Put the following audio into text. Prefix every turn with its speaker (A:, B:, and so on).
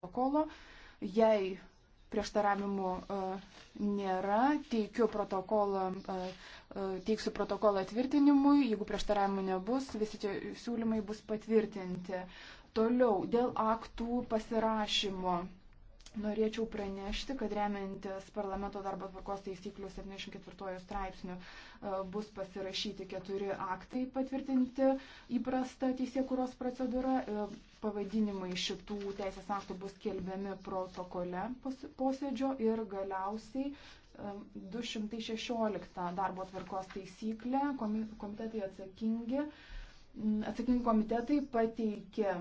A: protokolo. Jei prieštaravimų e, nėra, teikiu protokolą, e, e, teiksiu protokolą tvirtinimui. Jeigu prieštaravimų nebus, visi tie siūlymai bus patvirtinti. Toliau, dėl aktų pasirašymo. Norėčiau pranešti, kad remiantis parlamento darbo tvarkos taisyklių 74 straipsnių e, bus pasirašyti keturi aktai patvirtinti įprasta teisėkuros procedūra. E, pavadinimai šitų teisės aktų bus kelbiami protokole posėdžio ir galiausiai 216 e, darbo tvarkos taisyklė komitetai atsakingi,
B: atsakingi komitetai pateikė